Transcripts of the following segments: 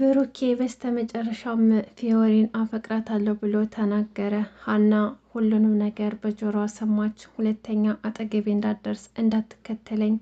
ብሩኬ በስተመጨረሻም ፊዮሪን አፈቅራታለሁ ብሎ ተናገረ። ሀና ሁሉንም ነገር በጆሮዋ ሰማች። ሁለተኛ አጠገቤ እንዳትደርስ እንዳትከተለኝ፣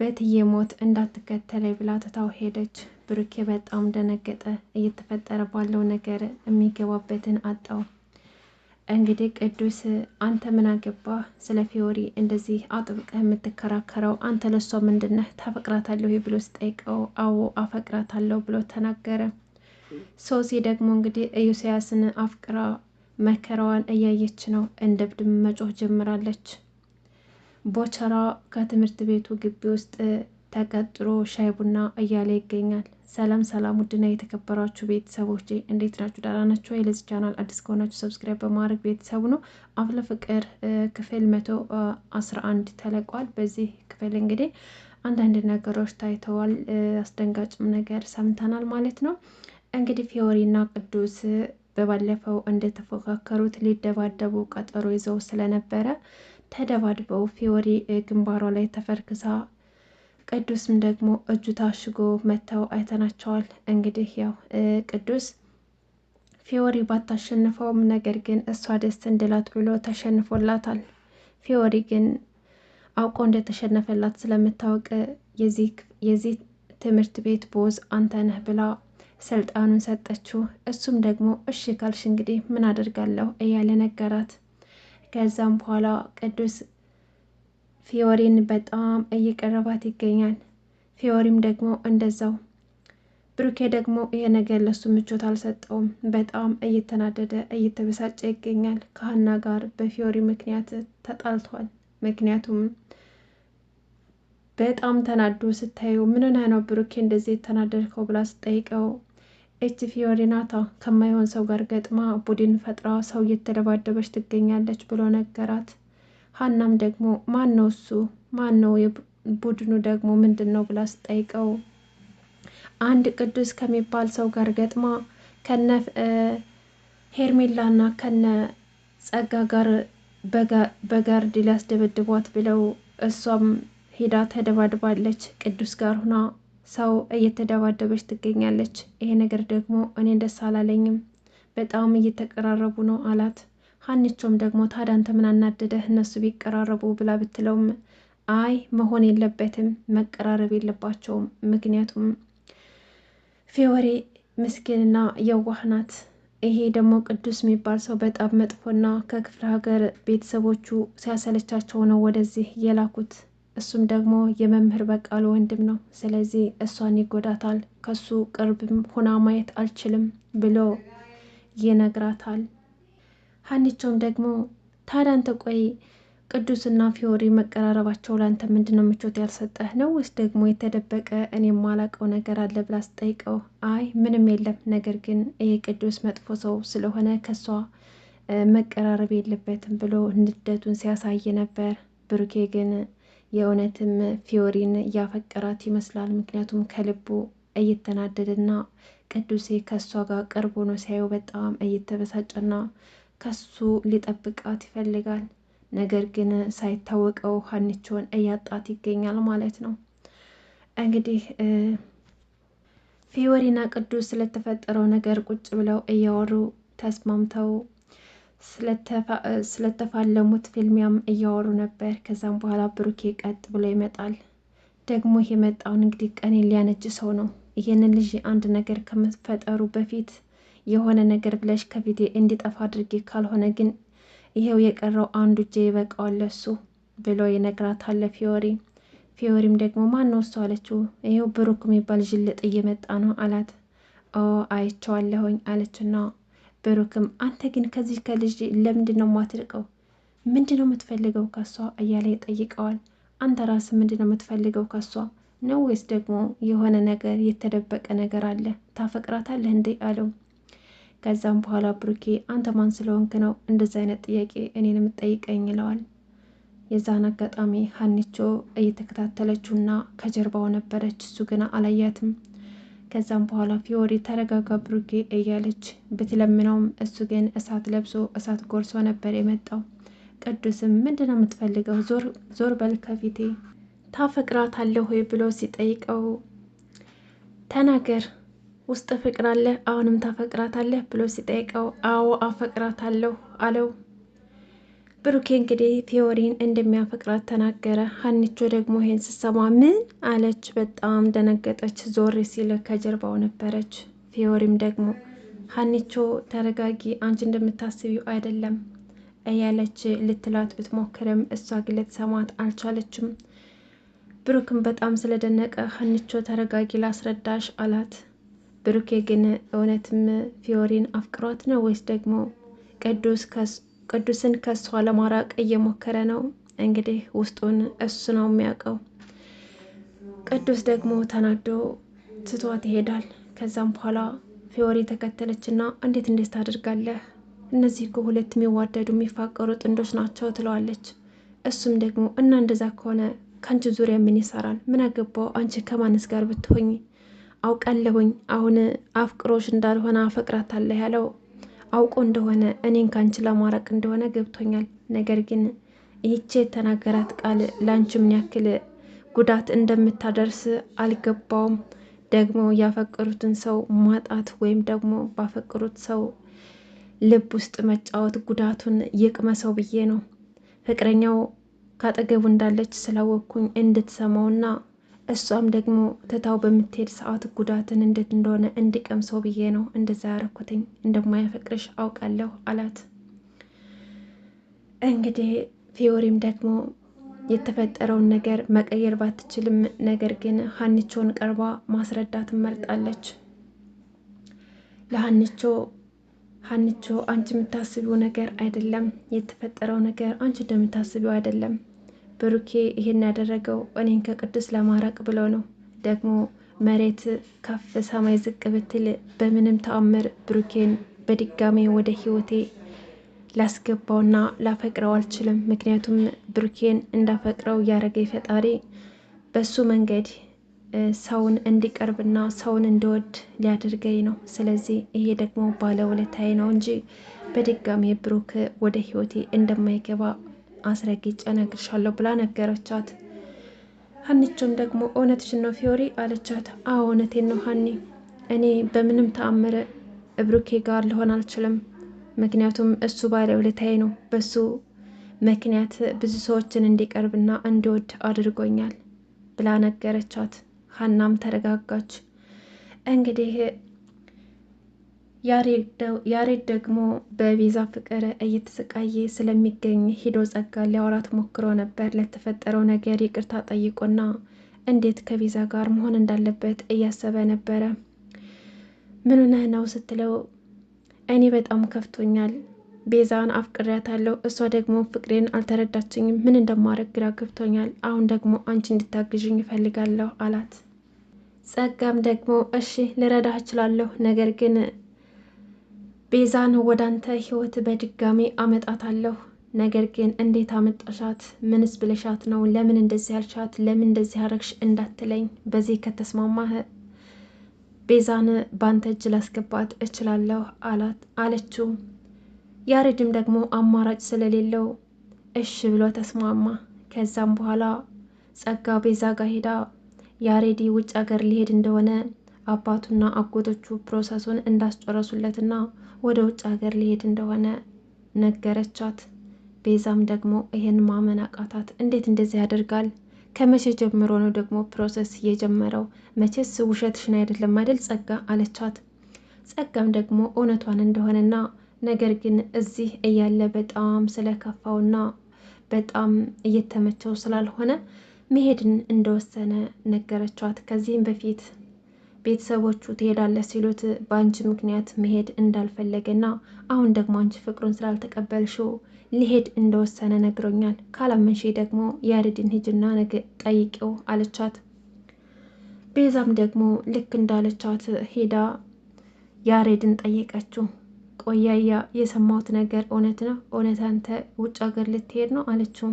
በትዬ ሞት እንዳትከተለኝ ብላ ትታው ሄደች። ብሩኬ በጣም ደነገጠ። እየተፈጠረ ባለው ነገር የሚገባበትን አጣው። እንግዲህ ቅዱስ አንተ ምን አገባ ስለ ፊዮሪ እንደዚህ አጥብቀህ የምትከራከረው አንተ ለሷ ምንድነህ ታፈቅራታለሁ ብሎ ስጠይቀው አዎ አፈቅራታለሁ ብሎ ተናገረ ሶሲ ደግሞ እንግዲህ ኢዮስያስን አፍቅራ መከራዋን እያየች ነው እንደ ብድም መጮህ ጀምራለች ቦቸራ ከትምህርት ቤቱ ግቢ ውስጥ ተቀጥሮ ሻይ ቡና እያለ ይገኛል ሰላም ሰላም፣ ውድና የተከበራችሁ ቤተሰቦቼ እንዴት ናችሁ? ደህና ናችሁ ወይ? ለዚህ ቻናል አዲስ ከሆናችሁ ሰብስክራይብ በማድረግ ቤተሰቡ ነው። አፍላ ፍቅር ክፍል መቶ አስራ አንድ ተለቋል። በዚህ ክፍል እንግዲህ አንዳንድ ነገሮች ታይተዋል፣ አስደንጋጭም ነገር ሰምተናል ማለት ነው። እንግዲህ ፊዮሪና ቅዱስ በባለፈው እንደተፎካከሩት ሊደባደቡ ቀጠሮ ይዘው ስለነበረ ተደባድበው ፊዮሪ ግንባሯ ላይ ተፈርክሳ ቅዱስም ደግሞ እጁ ታሽጎ መጥተው አይተናቸዋል። እንግዲህ ያው ቅዱስ ፊዮሪ ባታሸንፈውም ነገር ግን እሷ ደስ እንድላት ብሎ ተሸንፎላታል። ፊዮሪ ግን አውቆ እንደተሸነፈላት ስለምታወቅ የዚህ ትምህርት ቤት ቦዝ አንተ ነህ ብላ ስልጣኑን ሰጠችው። እሱም ደግሞ እሺ ካልሽ እንግዲህ ምን አደርጋለሁ እያለ ነገራት። ከዛም በኋላ ቅዱስ ፊዮሪን በጣም እየቀረባት ይገኛል። ፊዮሪም ደግሞ እንደዛው። ብሩኬ ደግሞ ይሄ ነገር ለሱ ምቾት አልሰጠውም። በጣም እየተናደደ እየተበሳጨ ይገኛል። ከሀና ጋር በፊዮሪ ምክንያት ተጣልቷል። ምክንያቱም በጣም ተናዶ ስታየው ምን ሆነህ ነው ብሩኬ እንደዚህ የተናደድከው ብላ ስጠይቀው እች ፊዮሪ ናታ ከማይሆን ሰው ጋር ገጥማ ቡድን ፈጥራ ሰው እየተደባደበች ትገኛለች ብሎ ነገራት። ሀናም ደግሞ ማን ነው እሱ ማን ነው ቡድኑ ደግሞ ምንድን ነው ብላ ስጠይቀው አንድ ቅዱስ ከሚባል ሰው ጋር ገጥማ ከነ ሄርሜላና ከነ ጸጋ ጋር በጋርድ ሊያስደበድቧት ብለው እሷም ሄዳ ተደባድባለች። ቅዱስ ጋር ሁና ሰው እየተደባደበች ትገኛለች። ይሄ ነገር ደግሞ እኔ ደስ አላለኝም፣ በጣም እየተቀራረቡ ነው አላት። ሀኒቾም ደግሞ ታዲያ አንተ ምን አናደደህ እነሱ ቢቀራረቡ ብላ ብትለውም አይ መሆን የለበትም መቀራረብ የለባቸውም። ምክንያቱም ፌወሬ ምስኪንና የዋህ ናት። ይሄ ደግሞ ቅዱስ የሚባል ሰው በጣም መጥፎና ከክፍለ ሀገር ቤተሰቦቹ ሲያሰለቻቸው ነው ወደዚህ የላኩት። እሱም ደግሞ የመምህር በቃሉ ወንድም ነው። ስለዚህ እሷን ይጎዳታል፣ ከሱ ቅርብም ሁና ማየት አልችልም ብሎ ይነግራታል። ሀኒቾም ደግሞ ታዲያ አንተ ቆይ ቅዱስና ፊዮሪ መቀራረባቸው ለአንተ ምንድነው ምቾት ያልሰጠህ ነው ወይስ ደግሞ የተደበቀ እኔ ማላቀው ነገር አለ ብላ ስጠይቀው አይ ምንም የለም፣ ነገር ግን ይሄ ቅዱስ መጥፎ ሰው ስለሆነ ከሷ መቀራረብ የለበትም ብሎ ንደቱን ሲያሳይ ነበር። ብሩኬ ግን የእውነትም ፊዮሪን እያፈቀራት ይመስላል። ምክንያቱም ከልቡ እየተናደደና ቅዱሴ ከእሷ ጋር ቅርቡ ነው ሲያየው በጣም እየተበሳጨና ከሱ ሊጠብቃት ይፈልጋል። ነገር ግን ሳይታወቀው ሀንቾን እያጣት ይገኛል ማለት ነው። እንግዲህ ፊዮሪና ቅዱስ ስለተፈጠረው ነገር ቁጭ ብለው እያወሩ ተስማምተው ስለተፋለሙት ፊልሚያም እያወሩ ነበር። ከዛም በኋላ ብሩኬ ቀጥ ብሎ ይመጣል። ደግሞ የመጣውን እንግዲህ ቀኔ ሊያነጅ ሰው ነው። ይህንን ልጅ አንድ ነገር ከመፈጠሩ በፊት የሆነ ነገር ብለሽ ከፊቴ እንዲጠፋ አድርጌ፣ ካልሆነ ግን ይሄው የቀረው አንዱ እጄ ይበቃዋል ለሱ ብሎ ይነግራታል ፊዮሪ። ፊዮሪም ደግሞ ማን ነው እሱ አለችው። ይሄው ብሩክ የሚባል ዥልጥ እየመጣ ነው አላት። ኦ አይቼዋለሁኝ አለችና ብሩክም አንተ ግን ከዚህ ከልጅ ለምንድን ነው የማትርቀው? ምንድን ነው የምትፈልገው ከሷ እያለ ይጠይቀዋል። አንተ ራስ ምንድን ነው የምትፈልገው ከሷ ነው ወይስ ደግሞ የሆነ ነገር የተደበቀ ነገር አለ ታፈቅራታለህ እንዴ አለው ከዛም በኋላ ብሩኬ አንተ ማን ስለሆንክ ነው እንደዚህ አይነት ጥያቄ እኔን የምጠይቀኝ ይለዋል። የዛን አጋጣሚ ሀኒቾ እየተከታተለችውና ከጀርባው ነበረች። እሱ ግን አላያትም። ከዛም በኋላ ፊዮሪ ተረጋጋ ብሩኬ እያለች ብትለምነውም እሱ ግን እሳት ለብሶ እሳት ጎርሶ ነበር የመጣው። ቅዱስም ነው የምትፈልገው? ዞር በል ከፊቴ ታፈቅራት ወይ ብሎ ሲጠይቀው ተናገር ውስጥ አለ አሁንም ታፈቅራታለህ ብሎ ሲጠይቀው አዎ አፈቅራታለሁ አለው። ብሩኬ እንግዲህ ቴዎሪን እንደሚያፈቅራት ተናገረ። ሀኒቾ ደግሞ ይሄን ስሰማ ምን አለች? በጣም ደነገጠች። ዞር ሲል ከጀርባው ነበረች። ቴዎሪም ደግሞ ሀኒቾ ተረጋጊ፣ አንቺ እንደምታስቢው አይደለም እያለች ልትላት ብትሞክርም እሷ ግን ልትሰማት አልቻለችም። ብሩክም በጣም ስለደነቀ ሀኒቾ ተረጋጊ፣ ላስረዳሽ አላት። ብሩኬ ግን እውነትም ፊዮሪን አፍቅሯት ነው ወይስ ደግሞ ቅዱስን ከሷ ለማራቅ እየሞከረ ነው? እንግዲህ ውስጡን እሱ ነው የሚያውቀው። ቅዱስ ደግሞ ተናዶ ትቷት ይሄዳል። ከዛም በኋላ ፊዮሪ ተከተለችና እንዴት እንዴት ታደርጋለህ? እነዚህ እኮ ሁለት የሚዋደዱ የሚፋቀሩ ጥንዶች ናቸው ትለዋለች። እሱም ደግሞ እና እንደዛ ከሆነ ከአንቺ ዙሪያ ምን ይሰራል? ምን አገባው አንቺ ከማንስ ጋር ብትሆኝ አውቃለሁኝ አሁን አፍቅሮሽ እንዳልሆነ አፈቅራታለሁ ያለው አውቆ እንደሆነ እኔን ካንቺ ለማራቅ እንደሆነ ገብቶኛል። ነገር ግን ይህቼ የተናገራት ቃል ላንቺ ምን ያክል ጉዳት እንደምታደርስ አልገባውም። ደግሞ ያፈቅሩትን ሰው ማጣት ወይም ደግሞ ባፈቅሩት ሰው ልብ ውስጥ መጫወት ጉዳቱን ይቅመሰው ብዬ ነው ፍቅረኛው ካጠገቡ እንዳለች ስላወቅኩኝ እንድትሰማውና እሷም ደግሞ ትታው በምትሄድ ሰዓት ጉዳትን እንዴት እንደሆነ እንዲቀምሰው ብዬ ነው እንደዛ ያረኩትኝ፣ እንደማያፈቅርሽ አውቃለሁ አላት። እንግዲህ ፊዮሪም ደግሞ የተፈጠረውን ነገር መቀየር ባትችልም ነገር ግን ሀኒቾን ቀርባ ማስረዳት መርጣለች። ለሀኒቾ ሀኒቾ አንቺ የምታስቢው ነገር አይደለም የተፈጠረው ነገር አንቺ እንደምታስቢው አይደለም ብሩኬ ይሄን ያደረገው እኔን ከቅዱስ ለማራቅ ብለው ነው። ደግሞ መሬት ከፍ ሰማይ ዝቅ ብትል በምንም ተአምር ብሩኬን በድጋሜ ወደ ህይወቴ ላስገባውና ላፈቅረው አልችልም። ምክንያቱም ብሩኬን እንዳፈቅረው ያደረገኝ ፈጣሪ በሱ መንገድ ሰውን እንዲቀርብና ሰውን እንዲወድ ሊያደርገኝ ነው። ስለዚህ ይሄ ደግሞ ባለውለታዬ ነው እንጂ በድጋሜ ብሩክ ወደ ህይወቴ እንደማይገባ አስረግጬ እነግርሻለሁ ብላ ነገረቻት። ሀኒቾም ደግሞ እውነትሽን ነው ፊዮሪ አለቻት። አዎ እውነቴን ነው ሀኒ፣ እኔ በምንም ተአምር እብሩኬ ጋር ልሆን አልችልም። ምክንያቱም እሱ ባለውለታዬ ነው። በሱ ምክንያት ብዙ ሰዎችን እንዲቀርብና እንዲወድ አድርጎኛል ብላ ነገረቻት። ሀናም ተረጋጋች። እንግዲህ ያሬድ ደግሞ በቤዛ ፍቅር እየተሰቃየ ስለሚገኝ ሂዶ ጸጋ ሊያወራት ሞክሮ ነበር። ለተፈጠረው ነገር ይቅርታ ጠይቆና እንዴት ከቤዛ ጋር መሆን እንዳለበት እያሰበ ነበረ። ምን ሆነህ ነው ስትለው እኔ በጣም ከፍቶኛል ቤዛን አፍቅሬያታለሁ። እሷ ደግሞ ፍቅሬን አልተረዳችኝም። ምን እንደማደርግ ግራ ገብቶኛል። አሁን ደግሞ አንቺ እንድታግዥኝ እፈልጋለሁ አላት። ጸጋም ደግሞ እሺ ልረዳህ እችላለሁ፣ ነገር ግን ቤዛን ወደ አንተ ህይወት በድጋሚ አመጣታለሁ። ነገር ግን እንዴት አመጣሻት? ምንስ ብለሻት ነው? ለምን እንደዚህ ያልሻት? ለምን እንደዚህ አረግሽ እንዳትለኝ። በዚህ ከተስማማህ ቤዛን ባንተ እጅ ላስገባት እችላለሁ አላት አለችው። ያሬድም ደግሞ አማራጭ ስለሌለው እሺ ብሎ ተስማማ። ከዛም በኋላ ጸጋ ቤዛ ጋር ሄዳ ያሬዲ ውጭ ሀገር ሊሄድ እንደሆነ አባቱና አጎቶቹ ፕሮሰሱን እንዳስጨረሱለትና ወደ ውጭ ሀገር ሊሄድ እንደሆነ ነገረቻት። ቤዛም ደግሞ ይህን ማመን አቃታት። እንዴት እንደዚህ ያደርጋል? ከመቼ ጀምሮ ነው ደግሞ ፕሮሰስ እየጀመረው? መቼስ ውሸትሽን አይደለም አይደል ጸጋ አለቻት። ጸጋም ደግሞ እውነቷን እንደሆነና ነገር ግን እዚህ እያለ በጣም ስለከፋውና በጣም እየተመቸው ስላልሆነ መሄድን እንደወሰነ ነገረቻት። ከዚህም በፊት ቤተሰቦቹ ትሄዳለህ ሲሉት በአንቺ ምክንያት መሄድ እንዳልፈለገና አሁን ደግሞ አንቺ ፍቅሩን ስላልተቀበልሽው ሊሄድ እንደወሰነ ነግሮኛል። ካላመንሽ ደግሞ ያሬድን ሂጅና ነገ ጠይቄው አለቻት። ቤዛም ደግሞ ልክ እንዳለቻት ሄዳ ያሬድን ጠየቀችው። ቆያያ የሰማሁት ነገር እውነት ነው? እውነት አንተ ውጭ ሀገር ልትሄድ ነው አለችው።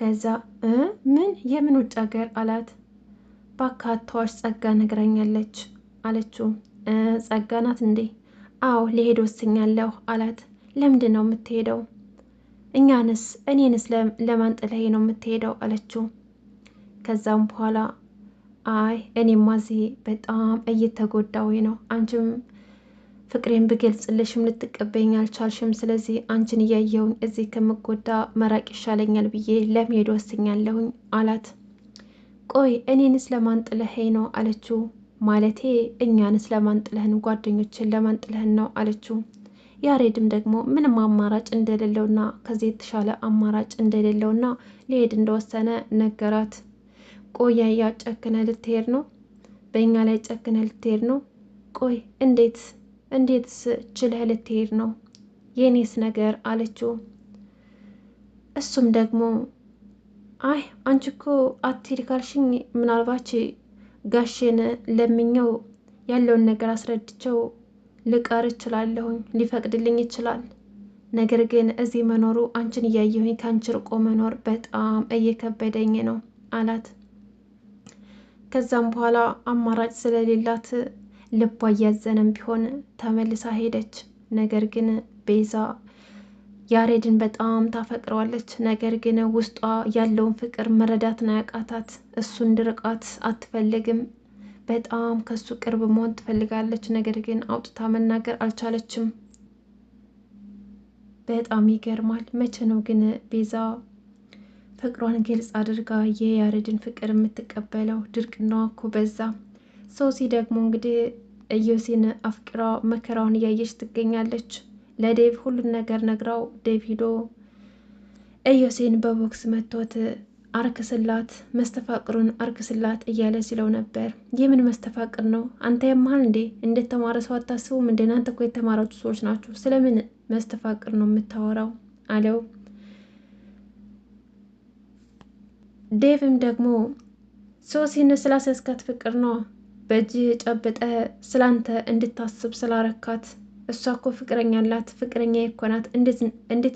ከዛ ምን የምን ውጭ ሀገር አላት። እባክህ አታዋሽ፣ ጸጋ ነግራኛለች አለችው። ጸጋ ናት እንዴ? አዎ ልሄድ ወስኛለሁ አላት። ለምንድን ነው የምትሄደው? እኛንስ እኔንስ ለማን ጥለህ ነው የምትሄደው አለችው። ከዛም በኋላ አይ እኔማ እዚህ በጣም እየተጎዳሁኝ ነው። አንቺም ፍቅሬን ብገልጽልሽም ልትቀበኝ አልቻልሽም። ስለዚህ አንቺን እያየሁኝ እዚህ ከምጎዳ መራቅ ይሻለኛል ብዬ ለመሄድ ወስኛለሁኝ አላት። ቆይ እኔንስ ለማን ጥለኸኝ ነው አለችው። ማለቴ እኛንስ ለማን ጥለህን፣ ጓደኞችን ለማን ጥለህን ነው አለችው። ያሬድም ደግሞ ምንም አማራጭ እንደሌለውና ከዚህ የተሻለ አማራጭ እንደሌለውና ሊሄድ እንደወሰነ ነገራት። ያ ጨክነ ልትሄድ ነው፣ በእኛ ላይ ጨክነ ልትሄድ ነው። ቆይ እንዴት እንዴትስ ችለህ ልትሄድ ነው? የኔስ ነገር አለችው። እሱም ደግሞ አይ አንቺ እኮ አትሄድ ካልሽኝ ምናልባች ጋሼን ለምኘው ያለውን ነገር አስረድቸው ልቀር እችላለሁኝ፣ ሊፈቅድልኝ ይችላል። ነገር ግን እዚህ መኖሩ አንቺን እያየሁኝ ከአንቺ ርቆ መኖር በጣም እየከበደኝ ነው አላት። ከዛም በኋላ አማራጭ ስለሌላት ልቧ እያዘነም ቢሆን ተመልሳ ሄደች። ነገር ግን ቤዛ ያሬድን በጣም ታፈቅረዋለች። ነገር ግን ውስጧ ያለውን ፍቅር መረዳት ነው ያቃታት። እሱ እንድርቃት አትፈልግም። በጣም ከሱ ቅርብ መሆን ትፈልጋለች። ነገር ግን አውጥታ መናገር አልቻለችም። በጣም ይገርማል። መቼ ነው ግን ቤዛ ፍቅሯን ግልጽ አድርጋ የያሬድን ፍቅር የምትቀበለው? ድርቅናዋ እኮ በዛ። ሶሲ ደግሞ እንግዲህ እዮሲን አፍቅራ መከራውን እያየች ትገኛለች። ለዴቭ ሁሉን ነገር ነግራው ዴቭ ሂዶ ኢዮሴን በቦክስ መቶት አርክስላት መስተፋቅሩን አርክስላት እያለ ሲለው ነበር። ይህ ምን መስተፋቅር ነው? አንተ የመሃል እንዴ እንደተማረ ሰው አታስቡም እንዴ? እናንተ እኮ የተማራችሁ ሰዎች ናችሁ። ስለምን መስተፋቅር ነው የምታወራው? አለው። ዴቭም ደግሞ ሶሲን ስላስያዝካት ፍቅር ነው በእጅ ጨብጠ ስላንተ እንድታስብ ስላረካት እሷ እኮ ፍቅረኛ አላት፣ ፍቅረኛ እኮ ናት። እንዴት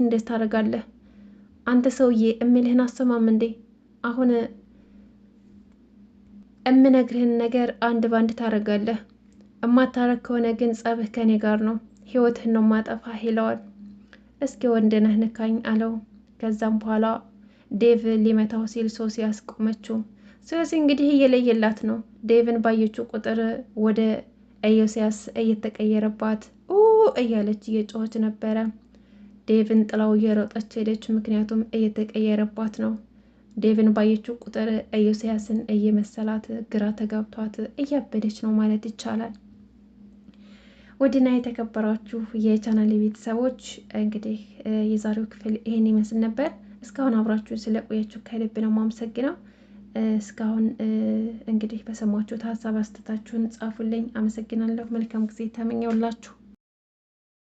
እንደት ታደርጋለህ አንተ ሰውዬ? እምልህን አሰማም እንዴ? አሁን እምነግርህን ነገር አንድ ባንድ ታደርጋለህ። እማታረግ ከሆነ ግን ጸብህ ከኔ ጋር ነው፣ ህይወትህን ነው ማጠፋ ይለዋል። እስኪ ወንድነህ ንካኝ አለው። ከዛም በኋላ ዴቭ ሊመታው ሲል ሶሲ ያስቆመችው። ሶሲ እንግዲህ እየለየላት ነው። ዴቭን ባየችው ቁጥር ወደ ኢዮስያስ እየተቀየረባት እያለች እየጮኸች ነበረ። ዴቭን ጥላው እየሮጠች ሄደች። ምክንያቱም እየተቀየረባት ነው። ዴቭን ባየችው ቁጥር ኢዮስያስን እየመሰላት ግራ ተጋብቷት እያበደች ነው ማለት ይቻላል። ውድና የተከበራችሁ የቻናል ቤተሰቦች እንግዲህ የዛሬው ክፍል ይሄን ይመስል ነበር። እስካሁን አብራችሁን ስለቆያችሁ ከልብ ነው ማመሰግነው። እስካሁን እንግዲህ በሰማችሁት ሀሳብ አስተታችሁን ጻፉልኝ። አመሰግናለሁ። መልካም ጊዜ ተመኘውላችሁ።